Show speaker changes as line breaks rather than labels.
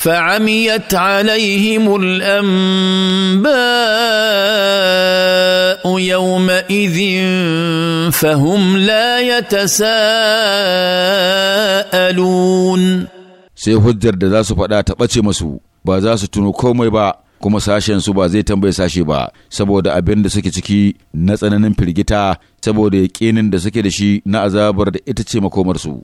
فعميت عليهم الانباء يومئذ فهم لا يتساءلون
sai hujjar da za su faɗa ta ɓace masu ba za su tuno komai ba kuma sashensu ba zai tambaye sashe ba saboda abin da suke ciki na tsananin firgita saboda yaƙinin da suke da shi na azabar
da ita ce makomarsu